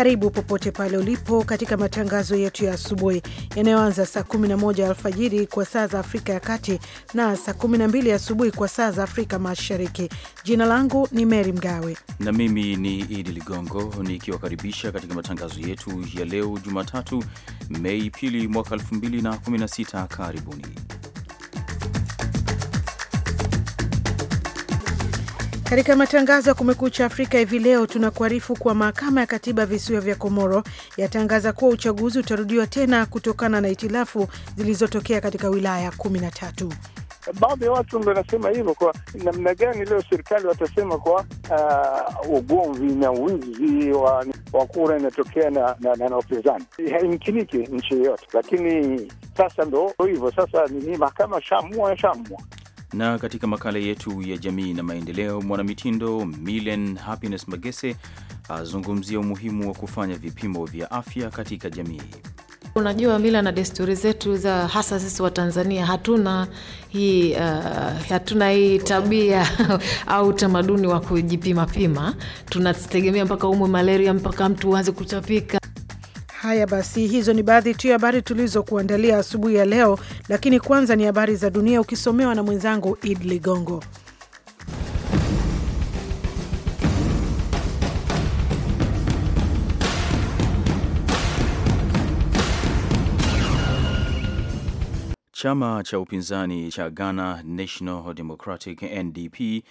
Karibu popote pale ulipo katika matangazo yetu ya asubuhi yanayoanza saa 11 alfajiri kwa saa za Afrika ya Kati na saa 12 asubuhi kwa saa za Afrika Mashariki. Jina langu ni Mary Mgawe na mimi ni Idi Ligongo nikiwakaribisha katika matangazo yetu ya leo Jumatatu, Mei pili mwaka 2016. Karibuni. Katika matangazo ya Kumekucha Afrika hivi leo tunakuarifu kuwa mahakama ya katiba visiwa vya Komoro yatangaza kuwa uchaguzi utarudiwa tena kutokana na hitilafu zilizotokea katika wilaya 13. Baadhi ya watu ndo nasema hivyo. Kwa namna gani leo serikali watasema kwa uh, ugomvi na wizi wa, wa kura inatokea na, na, na, na upinzani? Haimkiniki nchi yoyote, lakini sasa ndo hivyo. Sasa ni mahakama shamua shamua na katika makala yetu ya jamii na maendeleo, mwanamitindo Milen Happiness Magese azungumzia umuhimu wa kufanya vipimo vya afya katika jamii. Unajua, mila na desturi zetu za hasa sisi wa Tanzania hatuna hii, uh, hatuna hii tabia au utamaduni wa kujipima pima. Tunategemea mpaka umwe malaria mpaka mtu uanze kutapika Haya basi, hizo ni baadhi tu ya habari tulizokuandalia asubuhi ya leo, lakini kwanza ni habari za dunia ukisomewa na mwenzangu Id Ligongo. Chama cha upinzani cha Ghana National Democratic NDP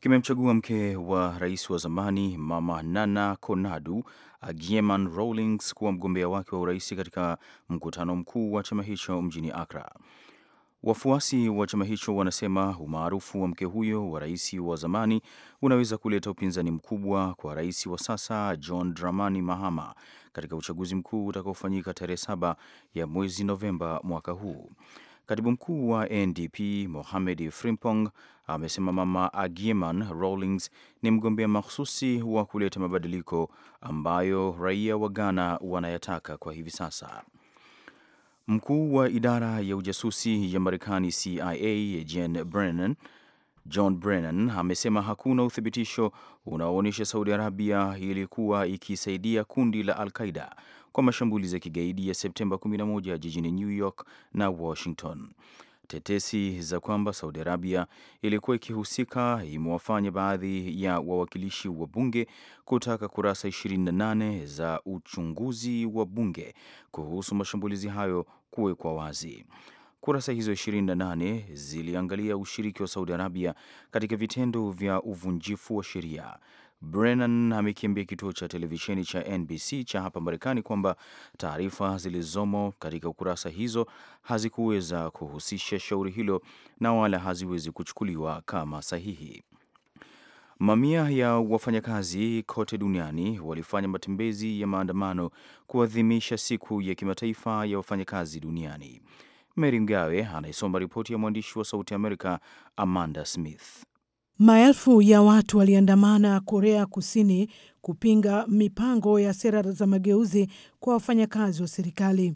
kimemchagua mke wa rais wa zamani Mama Nana Konadu agieman Rawlings kuwa mgombea wake wa urais katika mkutano mkuu wa chama hicho mjini Akra. Wafuasi wa chama hicho wanasema umaarufu wa mke huyo wa rais wa zamani unaweza kuleta upinzani mkubwa kwa rais wa sasa John Dramani Mahama katika uchaguzi mkuu utakaofanyika tarehe saba ya mwezi Novemba mwaka huu. Katibu mkuu wa NDP Mohamed Frimpong amesema Mama Agiman Rawlings ni mgombea mahususi wa kuleta mabadiliko ambayo raia wa Ghana wanayataka kwa hivi sasa. Mkuu wa idara ya ujasusi ya Marekani CIA Jen Brennan John Brennan amesema hakuna uthibitisho unaoonyesha Saudi Arabia ilikuwa ikisaidia kundi la Al-Qaida kwa mashambulizi ya kigaidi ya Septemba 11 jijini New York na Washington. Tetesi za kwamba Saudi Arabia ilikuwa ikihusika imewafanya baadhi ya wawakilishi wa bunge kutaka kurasa 28 za uchunguzi wa bunge kuhusu mashambulizi hayo kuwekwa wazi. Kurasa hizo 28 ziliangalia ushiriki wa Saudi Arabia katika vitendo vya uvunjifu wa sheria Brennan amekiambia kituo cha televisheni cha NBC cha hapa Marekani kwamba taarifa zilizomo katika kurasa hizo hazikuweza kuhusisha shauri hilo na wala haziwezi kuchukuliwa kama sahihi. Mamia ya wafanyakazi kote duniani walifanya matembezi ya maandamano kuadhimisha siku ya kimataifa ya wafanyakazi duniani. Mary Mgawe anayesoma ripoti ya mwandishi wa Sauti Amerika Amanda Smith. Maelfu ya watu waliandamana Korea Kusini kupinga mipango ya sera za mageuzi kwa wafanyakazi wa serikali.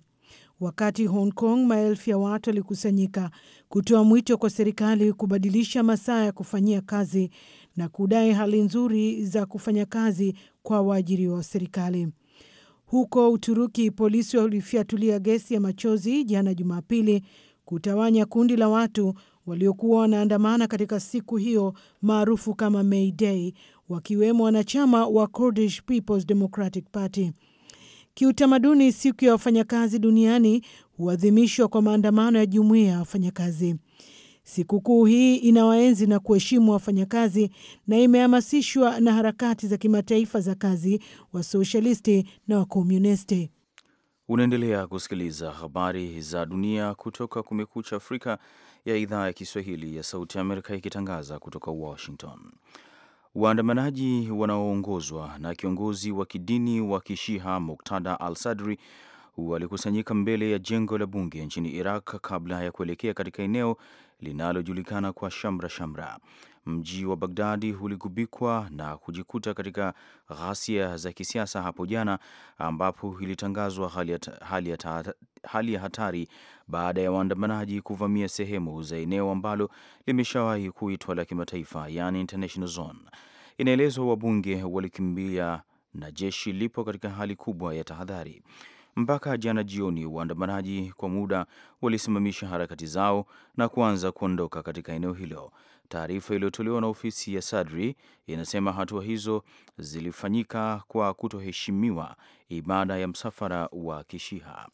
Wakati Hong Kong, maelfu ya watu walikusanyika kutoa mwito kwa serikali kubadilisha masaa ya kufanyia kazi na kudai hali nzuri za kufanya kazi kwa waajiriwa wa serikali. Huko Uturuki, polisi walifyatulia gesi ya machozi jana Jumapili kutawanya kundi la watu waliokuwa wanaandamana katika siku hiyo maarufu kama May Day, wakiwemo wanachama wa Kurdish People's Democratic Party. Kiutamaduni, siku ya wafanyakazi duniani huadhimishwa kwa maandamano ya jumuiya ya wafanyakazi. Sikukuu hii inawaenzi na kuheshimu wafanyakazi na imehamasishwa na harakati za kimataifa za kazi, wasoshalisti na wakomunisti. Unaendelea kusikiliza habari za dunia kutoka Kumekucha Afrika ya idhaa ya Kiswahili ya Sauti ya Amerika ikitangaza kutoka Washington. Waandamanaji wanaoongozwa na kiongozi wa kidini wa Kishiha Muktada Al Sadri walikusanyika mbele ya jengo la bunge nchini Iraq kabla ya kuelekea katika eneo linalojulikana kwa shamra shamra mji wa Bagdadi uligubikwa na kujikuta katika ghasia za kisiasa hapo jana, ambapo ilitangazwa hali ya, hali ya, hali ya hatari baada ya waandamanaji kuvamia sehemu za eneo ambalo limeshawahi kuitwa la kimataifa, yani international zone. Inaelezwa wabunge walikimbia na jeshi lipo katika hali kubwa ya tahadhari. Mpaka jana jioni, waandamanaji kwa muda walisimamisha harakati zao na kuanza kuondoka katika eneo hilo. Taarifa iliyotolewa na ofisi ya Sadri inasema hatua hizo zilifanyika kwa kutoheshimiwa ibada ya msafara wa kishiha.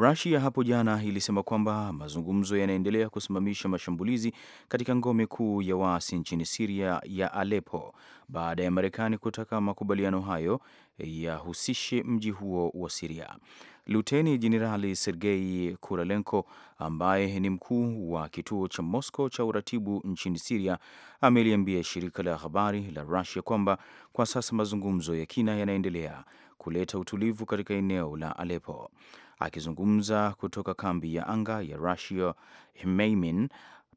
Rusia hapo jana ilisema kwamba mazungumzo yanaendelea kusimamisha mashambulizi katika ngome kuu ya waasi nchini Siria ya Alepo baada ya Marekani kutaka makubaliano hayo yahusishe mji huo wa Siria. Luteni Jenerali Sergei Kuralenko ambaye ni mkuu wa kituo cha Moscow cha uratibu nchini Siria ameliambia shirika la habari la Rusia kwamba kwa sasa mazungumzo ya kina yanaendelea kuleta utulivu katika eneo la Alepo. Akizungumza kutoka kambi ya anga ya Russia, Hmeimin,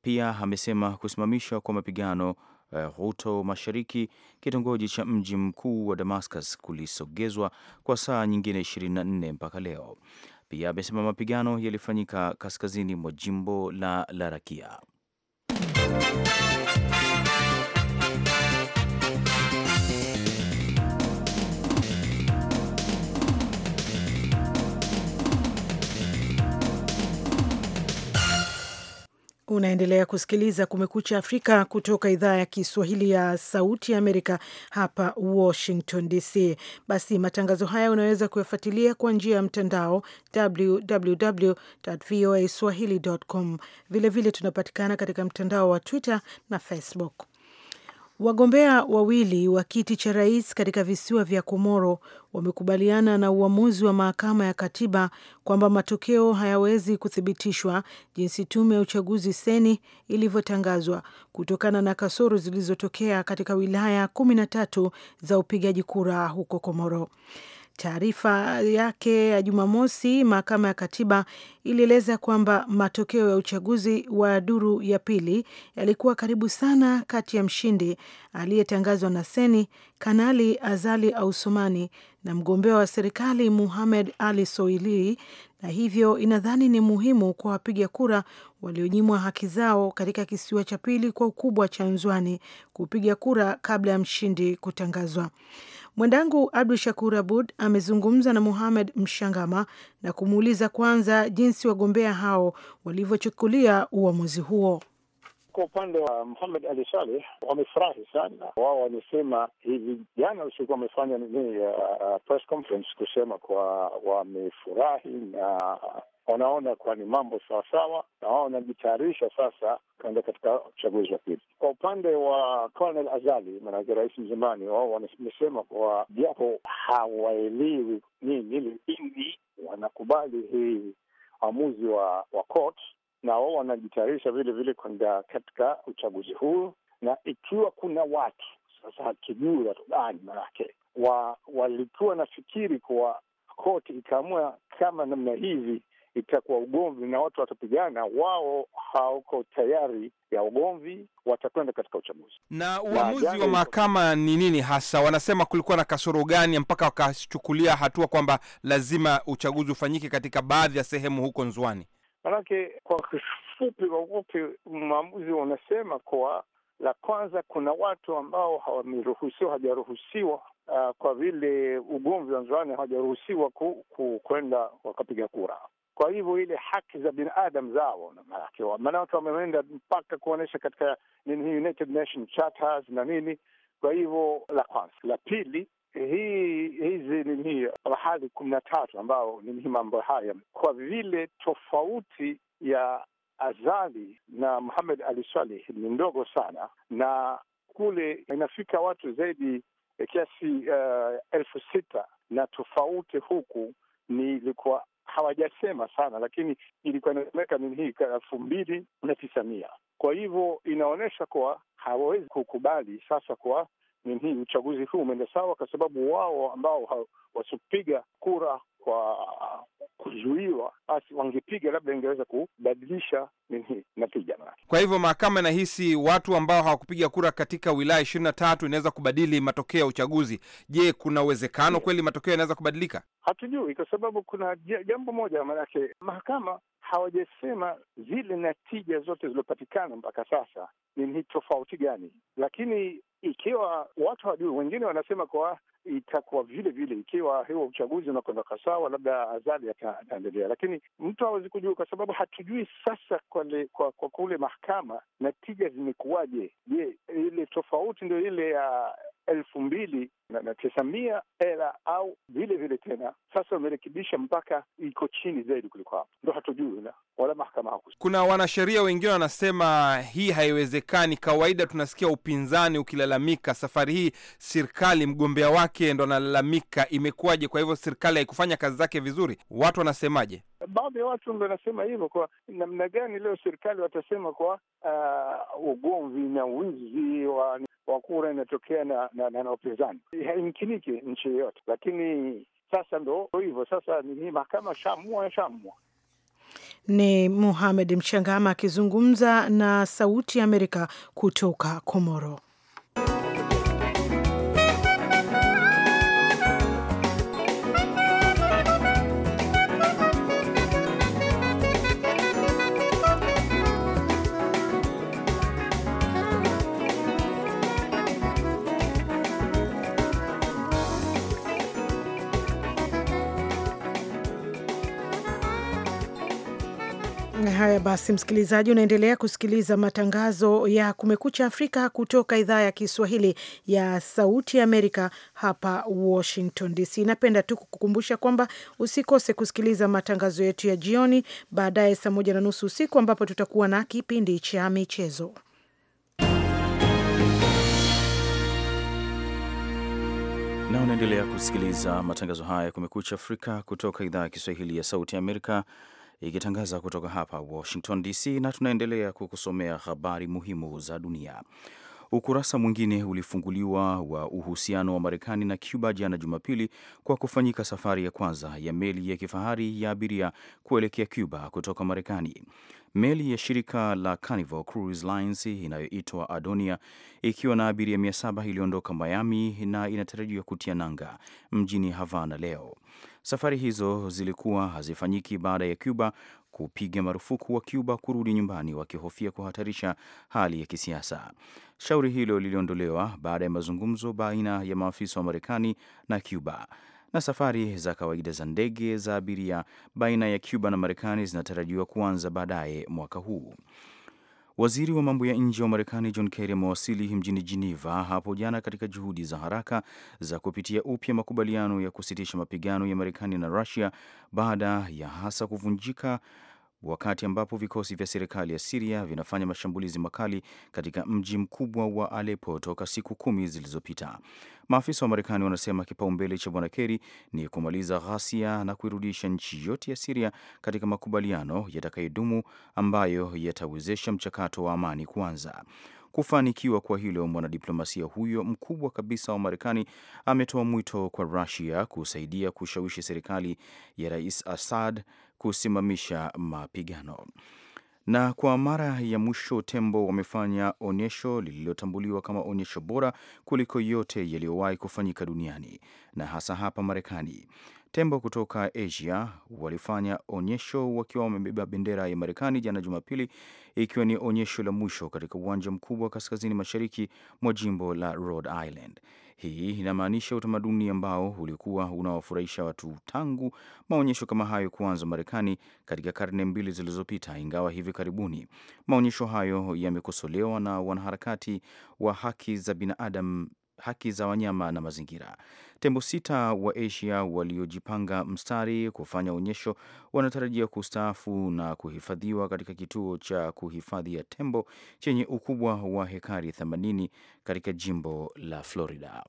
pia amesema kusimamishwa kwa mapigano eh, Ghuto mashariki kitongoji cha mji mkuu wa Damascus kulisogezwa kwa saa nyingine 24 mpaka leo. Pia amesema mapigano yalifanyika kaskazini mwa jimbo la Larakia. Unaendelea kusikiliza Kumekucha Afrika kutoka idhaa ya Kiswahili ya Sauti ya Amerika hapa Washington DC. Basi matangazo haya unaweza kuyafuatilia kwa njia ya mtandao www voa swahilicom Vilevile tunapatikana katika mtandao wa Twitter na Facebook. Wagombea wawili wa kiti cha rais katika visiwa vya Komoro wamekubaliana na uamuzi wa mahakama ya katiba kwamba matokeo hayawezi kuthibitishwa jinsi tume ya uchaguzi seni ilivyotangazwa kutokana na kasoro zilizotokea katika wilaya kumi na tatu za upigaji kura huko Komoro. Taarifa yake ya Jumamosi, mahakama ya katiba ilieleza kwamba matokeo ya uchaguzi wa duru ya pili yalikuwa karibu sana kati ya mshindi aliyetangazwa na Seni Kanali Azali Ausumani na mgombea wa serikali Muhamed Ali Soilii, na hivyo inadhani ni muhimu kwa wapiga kura walionyimwa haki zao katika kisiwa cha pili kwa ukubwa cha Nzwani kupiga kura kabla ya mshindi kutangazwa mwendangu Abdu Shakur Abud amezungumza na Muhamed Mshangama na kumuuliza kwanza jinsi wagombea hao walivyochukulia uamuzi huo. Kwa upande wa Muhamed Ali Saleh wamefurahi sana. Wao wamesema hivi jana usiku wamefanya nini, uh, uh press conference kusema kwa wamefurahi na wanaona kuwa ni mambo sawasawa, na wao wanajitayarisha sasa kuenda katika uchaguzi wa pili. Kwa upande wa Colonel Azali, maanake rais mzimani wao wamesema kuwa japo hawaelewi nini ili, wanakubali hii uamuzi wa wa court na wao wanajitayarisha vile vile kwenda katika uchaguzi huu, na ikiwa kuna watu sasa, hatujui watu gani manake wa, walikuwa nafikiri kuwa koti ikaamua kama namna hivi itakuwa ugomvi na watu watapigana. Wao hawako tayari ya ugomvi, watakwenda katika uchaguzi. Na uamuzi wa mahakama ni nini hasa? Wanasema kulikuwa na kasoro gani mpaka wakachukulia hatua kwamba lazima uchaguzi ufanyike katika baadhi ya sehemu huko Nzwani? manake kwa kifupi, kwa mwamuzi wanasema kuwa la kwanza, kuna watu ambao hawameruhusiwa hawajaruhusiwa, uh, kwa vile ugomvi wa nzani hawajaruhusiwa kwenda ku, wakapiga kura. Kwa hivyo ile haki za binadamu zao, maana watu wameenda mpaka kuonyesha katika United Nations Charters na nini. Kwa hivyo la kwanza, la pili hii hizi nini mahali kumi na tatu ambao ni mambo haya kwa vile tofauti ya Azali na Muhamed Ali Swaleh ni ndogo sana, na kule inafika watu zaidi ya kiasi uh, elfu sita na tofauti huku ni ilikuwa hawajasema sana, lakini ilikuwa inasemeka nini hii elfu mbili na tisa mia. Kwa hivyo inaonyesha kuwa hawawezi kukubali sasa kuwa nini uchaguzi huu umeenda sawa, kwa sababu wao ambao wasipiga kura kwa kuzuiwa, basi wangepiga, labda ingeweza kubadilisha nini natija. Kwa hivyo mahakama inahisi watu ambao hawakupiga kura katika wilaya ishirini na tatu inaweza kubadili matokeo ya uchaguzi. Je, kuna uwezekano yeah, kweli matokeo yanaweza kubadilika? Hatujui, kwa sababu kuna jambo moja, maanake mahakama hawajasema zile natija zote zilizopatikana mpaka sasa ni tofauti gani, lakini ikiwa watu hawajui, wengine wanasema kwa itakuwa vile vile ikiwa hiwo uchaguzi unakwenda sawa labda Azali ataendelea, lakini mtu hawezi kujua, kwa sababu hatujui sasa kule, kwa, kwa kule mahakama natija zimekuwaje. Je, ile tofauti ndio ile ya uh, elfu mbili na, na mia hela au vile vile tena sasa wamerekebisha mpaka iko chini zaidi kuliko hapo, ndo hatujui na wala mahakama Kuna wanasheria wengine wanasema hii haiwezekani. Kawaida tunasikia upinzani ukilalamika, safari hii serikali mgombea wake ndo analalamika. Imekuwaje? Kwa hivyo serikali haikufanya kazi zake vizuri. Watu wanasemaje? Baadhi ya watu ndo wanasema hivyo, kwa namna gani leo serikali watasema kwa uh, ugomvi na wizi wa, wa kura inatokea na na, na, na upinzani, haimkiniki nchi yoyote, lakini sasa ndo hivyo sasa, ni mahakama shamua shamua ni muhamed Mchangama akizungumza na Sauti ya Amerika kutoka Komoro. Haya basi, msikilizaji, unaendelea kusikiliza matangazo ya Kumekucha Afrika kutoka idhaa ya Kiswahili ya Sauti ya Amerika hapa Washington DC. Napenda tu kukukumbusha kwamba usikose kusikiliza matangazo yetu ya jioni baadaye saa moja na nusu usiku ambapo tutakuwa na kipindi cha michezo. na unaendelea kusikiliza matangazo haya ya Kumekucha Afrika kutoka idhaa ya Kiswahili ya Sauti ya Amerika ikitangaza kutoka hapa Washington DC, na tunaendelea kukusomea habari muhimu za dunia. Ukurasa mwingine ulifunguliwa wa uhusiano wa Marekani na Cuba jana Jumapili kwa kufanyika safari ya kwanza ya meli ya kifahari ya abiria kuelekea Cuba kutoka Marekani. Meli ya shirika la Carnival Cruise Lines inayoitwa Adonia ikiwa na abiria saba iliondoka Miami na inatarajiwa kutia nanga mjini Havana leo. Safari hizo zilikuwa hazifanyiki baada ya Cuba kupiga marufuku wa Cuba kurudi nyumbani wakihofia kuhatarisha hali ya kisiasa. Shauri hilo liliondolewa baada ya mazungumzo baina ya maafisa wa Marekani na Cuba na safari za kawaida za ndege za abiria baina ya Cuba na Marekani zinatarajiwa kuanza baadaye mwaka huu. Waziri wa mambo ya nje wa Marekani John Kerry amewasili mjini Geneva hapo jana katika juhudi za haraka za kupitia upya makubaliano ya kusitisha mapigano ya Marekani na Rusia baada ya hasa kuvunjika wakati ambapo vikosi vya serikali ya Siria vinafanya mashambulizi makali katika mji mkubwa wa Alepo toka siku kumi zilizopita. Maafisa wa Marekani wanasema kipaumbele cha Bwana Keri ni kumaliza ghasia na kuirudisha nchi yote ya Siria katika makubaliano yatakayodumu ambayo yatawezesha mchakato wa amani kuanza. Kufanikiwa kwa hilo, mwanadiplomasia huyo mkubwa kabisa wa Marekani ametoa mwito kwa Rusia kusaidia kushawishi serikali ya Rais Assad kusimamisha mapigano. Na kwa mara ya mwisho tembo wamefanya onyesho lililotambuliwa kama onyesho bora kuliko yote yaliyowahi kufanyika duniani na hasa hapa Marekani. Tembo kutoka Asia walifanya onyesho wakiwa wamebeba bendera ya Marekani jana Jumapili, ikiwa ni onyesho la mwisho katika uwanja mkubwa kaskazini mashariki mwa jimbo la Rhode Island. Hii inamaanisha utamaduni ambao ulikuwa unawafurahisha watu tangu maonyesho kama hayo kuanza Marekani katika karne mbili zilizopita, ingawa hivi karibuni maonyesho hayo yamekosolewa na wanaharakati wa haki za binadamu haki za wanyama na mazingira. Tembo sita wa Asia waliojipanga mstari kufanya onyesho wanatarajia kustaafu na kuhifadhiwa katika kituo cha kuhifadhi ya tembo chenye ukubwa wa hekari 80 katika jimbo la Florida.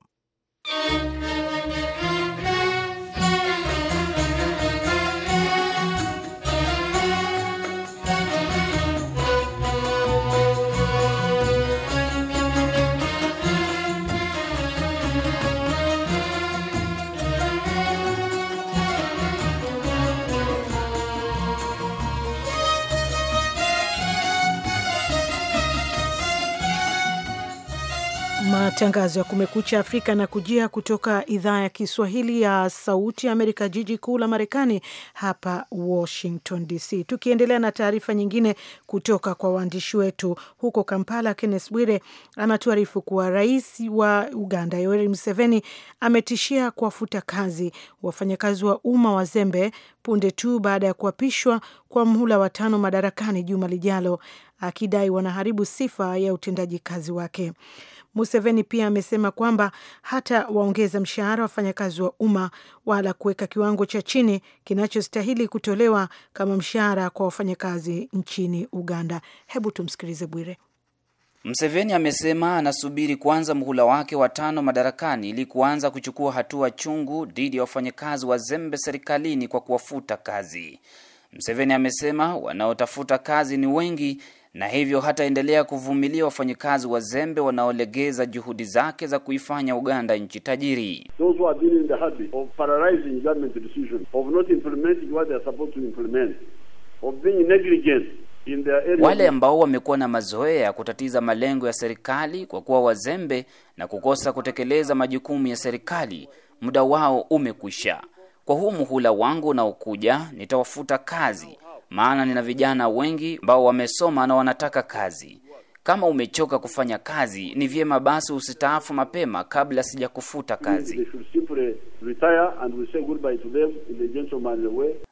Matangazo ya Kumekucha Afrika na kujia kutoka idhaa ya Kiswahili ya Sauti ya Amerika, jiji kuu la Marekani, hapa Washington DC. Tukiendelea na taarifa nyingine kutoka kwa waandishi wetu huko Kampala, kennes Bwire anatuarifu kuwa rais wa Uganda Yoweri Museveni ametishia kuwafuta kazi wafanyakazi wa umma wazembe punde tu baada ya kuapishwa kwa mhula wa tano madarakani juma lijalo, akidai wanaharibu sifa ya utendaji kazi wake. Museveni pia amesema kwamba hata waongeza mshahara wafanyakazi wa umma wala kuweka kiwango cha chini kinachostahili kutolewa kama mshahara kwa wafanyakazi nchini Uganda. Hebu tumsikilize Bwire. Mseveni amesema anasubiri kwanza mhula wake wa tano madarakani ili kuanza kuchukua hatua chungu dhidi ya wafanyakazi wa zembe serikalini kwa kuwafuta kazi. Mseveni amesema wanaotafuta kazi ni wengi, na hivyo hataendelea kuvumilia wafanyakazi wazembe wanaolegeza juhudi zake za kuifanya Uganda nchi tajiri. Wale ambao wamekuwa na mazoea ya kutatiza malengo ya serikali kwa kuwa wazembe na kukosa kutekeleza majukumu ya serikali, muda wao umekwisha. Kwa huu muhula wangu unaokuja nitawafuta kazi maana nina vijana wengi ambao wamesoma na wanataka kazi. Kama umechoka kufanya kazi, ni vyema basi usitaafu mapema kabla sijakufuta kazi.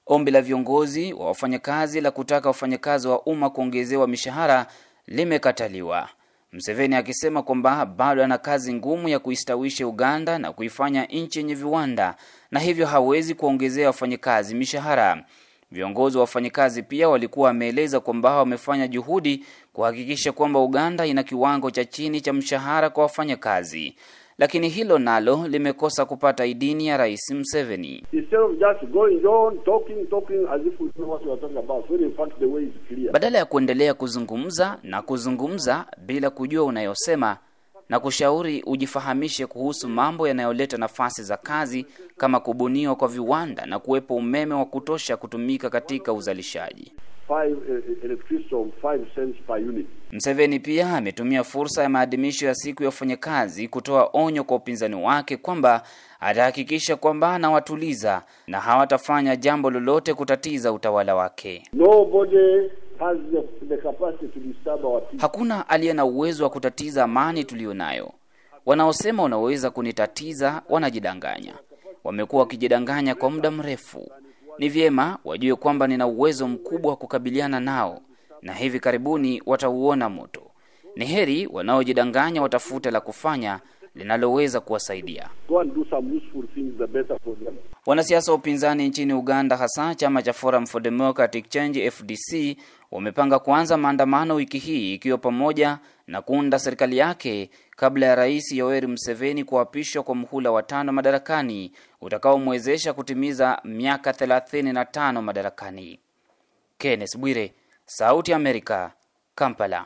Ombi la viongozi wa wafanyakazi la kutaka wafanyakazi wa umma kuongezewa mishahara limekataliwa, Mseveni akisema kwamba bado ana kazi ngumu ya kuistawisha Uganda na kuifanya nchi yenye viwanda na hivyo hawezi kuongezea wafanyakazi mishahara. Viongozi wa wafanyakazi pia walikuwa wameeleza kwamba wamefanya juhudi kuhakikisha kwamba Uganda ina kiwango cha chini cha mshahara kwa wafanyakazi, lakini hilo nalo limekosa kupata idini ya Rais Museveni. Badala ya kuendelea kuzungumza na kuzungumza bila kujua unayosema na kushauri ujifahamishe kuhusu mambo yanayoleta nafasi za kazi kama kubuniwa kwa viwanda na kuwepo umeme wa kutosha kutumika katika uzalishaji. Eh, eh, Mseveni pia ametumia fursa ya maadhimisho ya siku ya wafanyakazi kutoa onyo kwa upinzani wake kwamba atahakikisha kwamba anawatuliza na hawatafanya jambo lolote kutatiza utawala wake. Nobody Hakuna aliye na uwezo wa kutatiza amani tuliyo nayo. Wanaosema wanaweza kunitatiza wanajidanganya, wamekuwa wakijidanganya kwa muda mrefu. Ni vyema wajue kwamba nina uwezo mkubwa wa kukabiliana nao, na hivi karibuni watauona moto. Ni heri wanaojidanganya watafute la kufanya linaloweza kuwasaidia. Wanasiasa wa upinzani nchini Uganda, hasa chama cha Forum for Democratic Change FDC, wamepanga kuanza maandamano wiki hii ikiwa pamoja na kuunda serikali yake kabla ya Rais Yoweri Museveni kuapishwa kwa mhula wa tano madarakani utakaomwezesha kutimiza miaka 35 madarakani. Kenneth Bwire, Sauti ya Amerika, Kampala.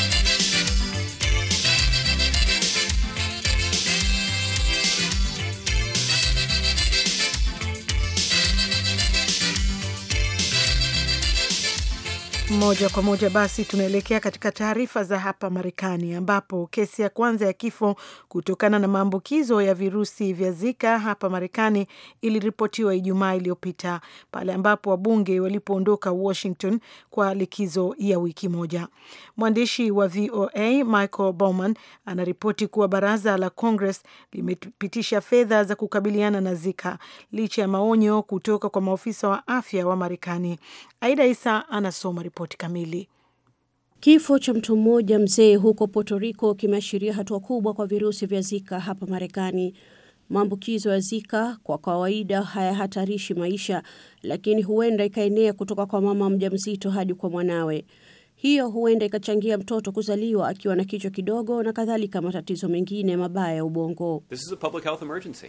Moja kwa moja basi tunaelekea katika taarifa za hapa Marekani, ambapo kesi ya kwanza ya kifo kutokana na maambukizo ya virusi vya Zika hapa Marekani iliripotiwa Ijumaa iliyopita pale ambapo wabunge walipoondoka Washington kwa likizo ya wiki moja. Mwandishi wa VOA Michael Bowman anaripoti kuwa baraza la Congress limepitisha fedha za kukabiliana na Zika licha ya maonyo kutoka kwa maofisa wa afya wa Marekani. Aida Isa anasoma ripoti ripoti kamili. Kifo cha mtu mmoja mzee huko Puerto Rico kimeashiria hatua kubwa kwa virusi vya Zika hapa Marekani. Maambukizo ya Zika kwa kawaida hayahatarishi maisha, lakini huenda ikaenea kutoka kwa mama mjamzito hadi kwa mwanawe. Hiyo huenda ikachangia mtoto kuzaliwa akiwa na kichwa kidogo na kadhalika, matatizo mengine mabaya ya ubongo. This is a public health emergency.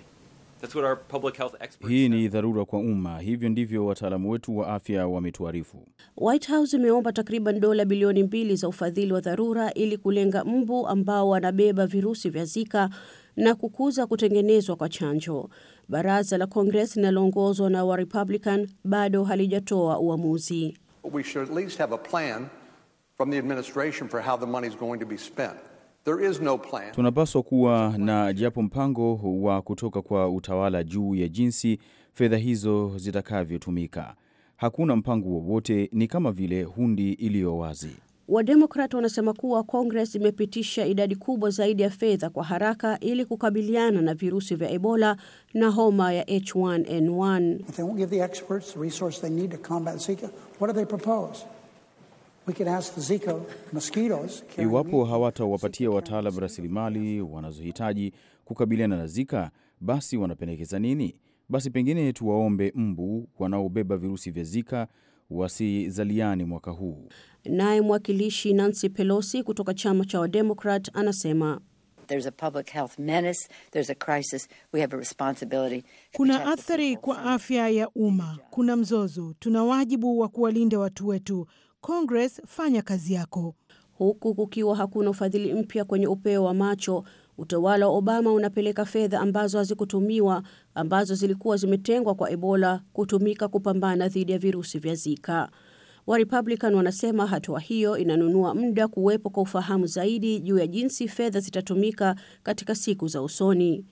That's what our public health experts. Hii ni dharura kwa umma, hivyo ndivyo wataalamu wetu wa afya wametuarifu. White House imeomba takriban dola bilioni mbili za ufadhili wa dharura ili kulenga mbu ambao wanabeba virusi vya Zika na kukuza kutengenezwa kwa chanjo. Baraza la kongress linaloongozwa na wa Republican bado halijatoa uamuzi. We should at least have a plan from the administration for how the money is going to be spent. No tunapaswa kuwa na japo mpango wa kutoka kwa utawala juu ya jinsi fedha hizo zitakavyotumika. Hakuna mpango wowote, ni kama vile hundi iliyo wazi. Wademokrat wanasema kuwa Kongres imepitisha idadi kubwa zaidi ya fedha kwa haraka ili kukabiliana na virusi vya Ebola na homa ya H1N1. Iwapo hawatawapatia wataalam rasilimali wanazohitaji kukabiliana na Zika, basi wanapendekeza nini? Basi pengine tuwaombe mbu wanaobeba virusi vya Zika wasizaliani mwaka huu. Naye mwakilishi Nancy Pelosi kutoka chama cha Wademokrat anasema kuna athari kwa afya ya umma, kuna mzozo, tuna wajibu wa kuwalinda watu wetu. Congress, fanya kazi yako. Huku kukiwa hakuna ufadhili mpya kwenye upeo wa macho, utawala wa Obama unapeleka fedha ambazo hazikutumiwa ambazo zilikuwa zimetengwa kwa Ebola kutumika kupambana dhidi ya virusi vya Zika. Warepublican wanasema hatua wa hiyo inanunua muda kuwepo kwa ufahamu zaidi juu ya jinsi fedha zitatumika katika siku za usoni.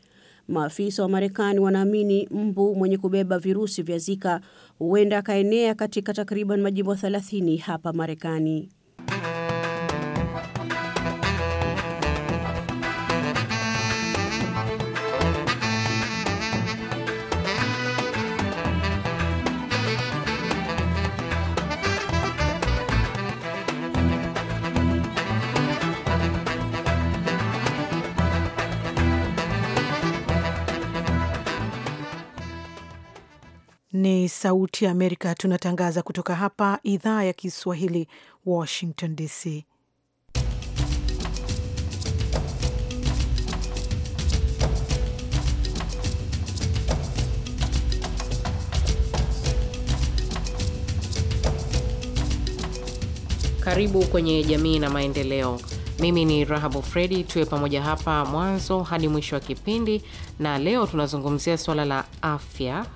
Maafisa wa Marekani wanaamini mbu mwenye kubeba virusi vya Zika huenda akaenea katika takriban majimbo 30 hapa Marekani. Ni Sauti ya Amerika, tunatangaza kutoka hapa idhaa ya Kiswahili, Washington DC. Karibu kwenye Jamii na Maendeleo. Mimi ni Rahabu Fredi, tuwe pamoja hapa mwanzo hadi mwisho wa kipindi, na leo tunazungumzia suala la afya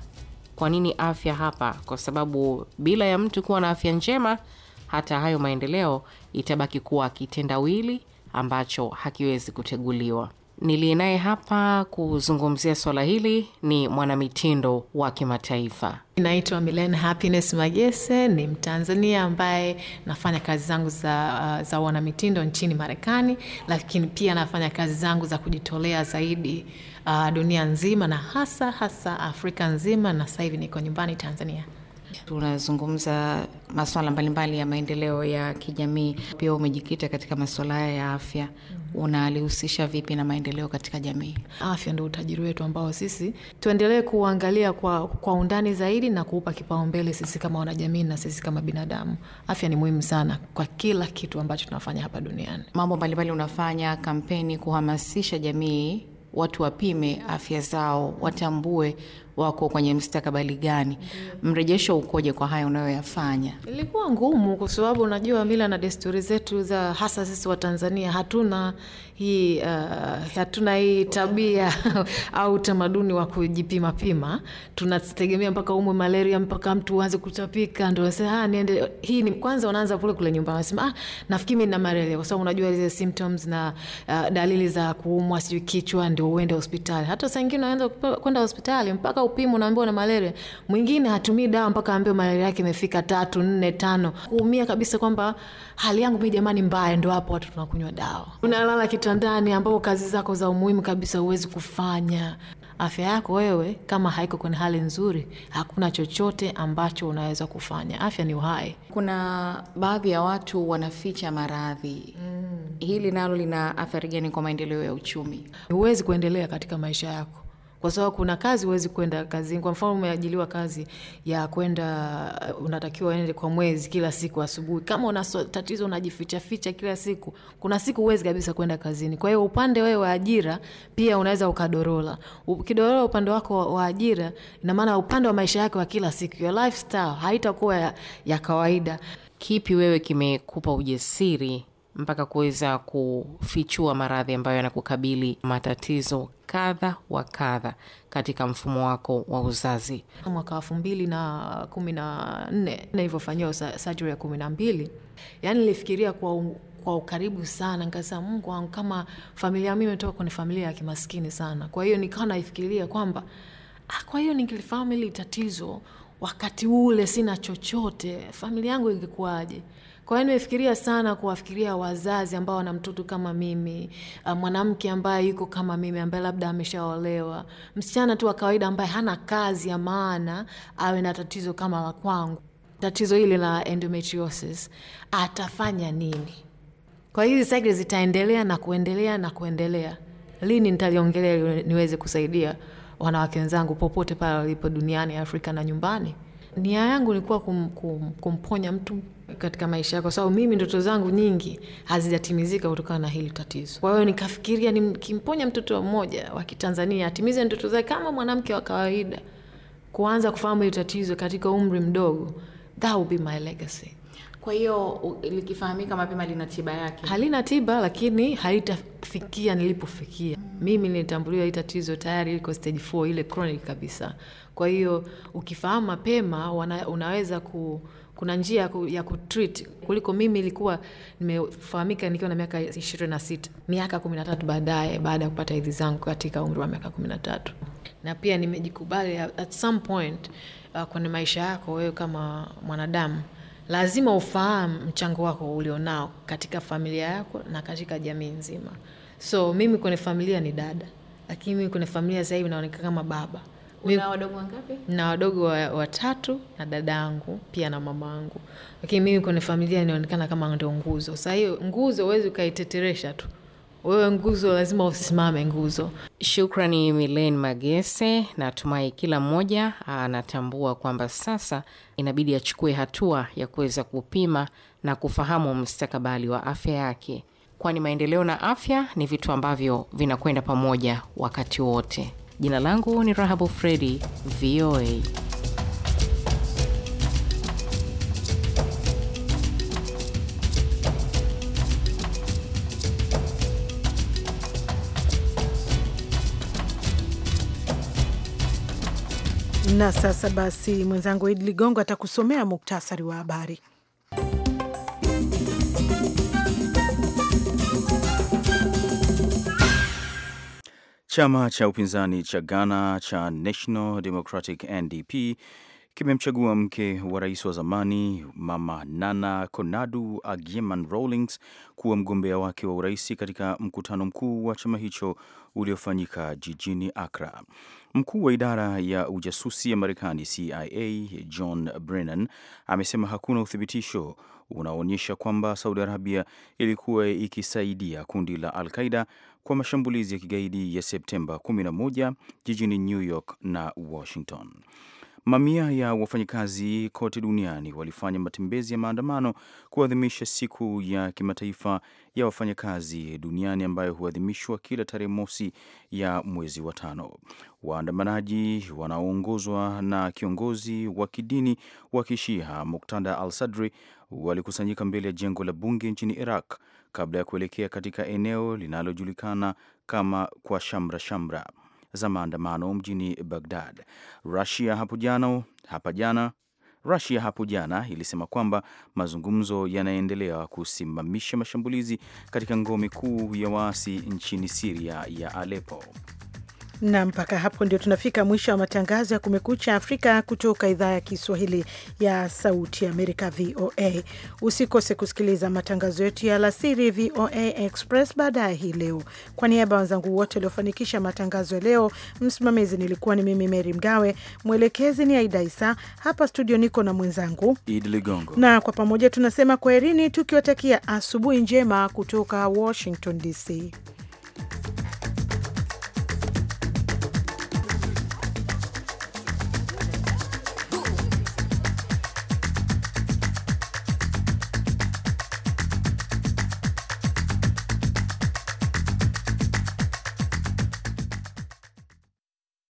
kwa nini afya hapa? Kwa sababu bila ya mtu kuwa na afya njema, hata hayo maendeleo itabaki kuwa kitendawili ambacho hakiwezi kuteguliwa. Niliye naye hapa kuzungumzia swala hili ni mwanamitindo wa kimataifa. inaitwa Milen Happiness Magese, ni Mtanzania ambaye nafanya kazi zangu za, uh, za wanamitindo nchini Marekani, lakini pia nafanya kazi zangu za kujitolea zaidi uh, dunia nzima na hasa hasa Afrika nzima, na sasa hivi niko nyumbani Tanzania. Tunazungumza maswala mbalimbali ya maendeleo ya kijamii, pia umejikita katika maswala haya ya afya. Unalihusisha vipi na maendeleo katika jamii? Afya ndio utajiri wetu ambao sisi tuendelee kuangalia kwa, kwa undani zaidi na kuupa kipaumbele sisi kama wanajamii na sisi kama binadamu. Afya ni muhimu sana kwa kila kitu ambacho tunafanya hapa duniani. Mambo mbalimbali unafanya kampeni kuhamasisha jamii watu wapime afya zao, watambue wako kwenye mstakabali gani? mm. mrejesho ukoje kwa haya unayoyafanya? Ilikuwa ngumu kwa sababu unajua mila na desturi zetu za hasa sisi wa Tanzania hatuna hii uh, hatuna hii tabia au utamaduni wa kujipima pima. Tunategemea mpaka umwe malaria mpaka mtu uanze kutapika ndio sasa ah, niende hii ni kwanza, unaanza kule kule nyumbani unasema ah, nafikiri mimi nina malaria kwa sababu unajua zile symptoms na uh, dalili za kuumwa sijui kichwa ndio uende hospitali. Hata saa nyingine unaanza kwenda hospitali mpaka upimo upima, unaambiwa malaria. Mwingine hatumii dawa mpaka aambiwe malaria yake imefika tatu, nne, tano, kuumia kabisa kwamba hali yangu mimi jamani mbaya, ndo hapo watu tunakunywa dawa. Unalala kitandani ambapo kazi zako za umuhimu kabisa huwezi kufanya. Afya yako wewe kama haiko kwenye hali nzuri, hakuna chochote ambacho unaweza kufanya. Afya ni uhai. Kuna baadhi ya watu wanaficha maradhi mm. Hili nalo lina athari gani kwa maendeleo ya uchumi? Huwezi kuendelea katika maisha yako kwa sababu kuna kazi huwezi kwenda kazini. Kwa mfano umeajiliwa kazi ya kwenda, unatakiwa uende kwa mwezi kila siku asubuhi, kama una tatizo unajifichaficha kila siku, kuna siku huwezi kabisa kwenda kazini. Kwa hiyo upande wewe wa ajira pia unaweza ukadorola. Ukidorola upande wako wa ajira, ina maana upande wa maisha yako wa kila siku, your lifestyle haitakuwa ya, ya kawaida. Kipi wewe kimekupa ujasiri mpaka kuweza kufichua maradhi ambayo yanakukabili, matatizo kadha wa kadha katika mfumo wako wa uzazi. Mwaka elfu mbili na kumi na nne nilivyofanyiwa sajuri ya kumi na mbili, yaani nilifikiria kwa kwa ukaribu sana, nikasema Mungu wangu, kama familia mimi imetoka kwenye familia ya kimaskini sana. Kwa hiyo nikawa naifikiria kwamba ah, kwa hiyo ningelifahamu hili tatizo wakati ule, sina chochote, familia yangu ingekuwaje? Kwa hiyo nimefikiria sana kuwafikiria wazazi ambao wana mtoto kama mimi, uh, mwanamke ambaye yuko kama mimi ambaye labda ameshaolewa, msichana tu wa kawaida ambaye hana kazi ya maana awe na tatizo kama la kwangu, tatizo hili la endometriosis, atafanya nini? Kwa hizi cycle zitaendelea na kuendelea na kuendelea. Lini nitaliongelea niweze kusaidia wanawake wenzangu popote pale walipo duniani, Afrika na nyumbani. Nia yangu ilikuwa kum, kum, kumponya mtu katika maisha yake, kwa sababu mimi ndoto zangu nyingi hazijatimizika kutokana na hili tatizo. Kwa hiyo nikafikiria nikimponya mtoto mmoja wa Kitanzania atimize ndoto zake kama mwanamke wa kawaida, kuanza kufahamu hili tatizo katika umri mdogo, that will be my legacy. Kwa hiyo likifahamika mapema, lina tiba yake? Halina tiba, lakini haitafikia nilipofikia. Mimi nilitambuliwa hii tatizo tayari iko stage 4 ile chronic kabisa. Kwa hiyo ukifahamu mapema unaweza ku, kuna njia ya, ku, kutreat kuliko mimi ilikuwa nimefahamika nikiwa na miaka 26, miaka 13 baadaye baada ya kupata hedhi zangu katika umri wa miaka 13. Na pia nimejikubali at some point uh, kwenye maisha yako wewe kama mwanadamu lazima ufahamu mchango wako ulionao katika familia yako na katika jamii nzima so mimi kwenye familia ni dada, lakini mimi kwenye familia sahivi naonekana kama baba. Na wadogo watatu wa na dadangu pia na mamangu, lakini mimi kwenye familia inaonekana kama ndo nguzo. Sasa hiyo nguzo uwezi ukaiteteresha tu wewe nguzo lazima usimame nguzo. Shukrani Milen Magese. Natumai kila mmoja ah, anatambua kwamba sasa inabidi achukue hatua ya kuweza kupima na kufahamu mstakabali wa afya yake kwani maendeleo na afya ni vitu ambavyo vinakwenda pamoja wakati wote. Jina langu ni Rahabu Fredi, VOA. Na sasa basi, mwenzangu Idi Ligongo atakusomea muktasari wa habari. Chama cha upinzani cha Ghana cha National Democratic NDP kimemchagua mke wa rais wa zamani Mama Nana Konadu agieman Rawlings kuwa mgombea wake wa urais katika mkutano mkuu wa chama hicho uliofanyika jijini Accra. Mkuu wa idara ya ujasusi ya Marekani CIA John Brennan amesema hakuna uthibitisho unaoonyesha kwamba Saudi Arabia ilikuwa ikisaidia kundi la Al Qaida kwa mashambulizi ya kigaidi ya Septemba 11 jijini New York na Washington. Mamia ya wafanyakazi kote duniani walifanya matembezi ya maandamano kuadhimisha siku ya kimataifa ya wafanyakazi duniani ambayo huadhimishwa kila tarehe mosi ya mwezi wa tano. Waandamanaji wanaoongozwa na kiongozi wa kidini wa Kishia Muktada Al Sadri walikusanyika mbele ya jengo la bunge nchini Iraq kabla ya kuelekea katika eneo linalojulikana kama kwa shamra shamra za maandamano mjini Bagdad. Rusia hapo jana hapa jana Rusia hapo jana ilisema kwamba mazungumzo yanaendelea kusimamisha mashambulizi katika ngome kuu ya waasi nchini Siria ya Aleppo na mpaka hapo ndio tunafika mwisho wa matangazo ya Kumekucha Afrika kutoka idhaa ya Kiswahili ya Sauti ya Amerika, VOA. Usikose kusikiliza matangazo yetu ya alasiri, VOA Express, baadaye hii leo. Kwa niaba ya wenzangu wote waliofanikisha matangazo ya leo, msimamizi nilikuwa ni mimi Meri Mgawe, mwelekezi ni Aida Isa. Hapa studio niko na mwenzangu Idi Ligongo, na kwa pamoja tunasema kwaherini, tukiwatakia asubuhi njema kutoka Washington DC.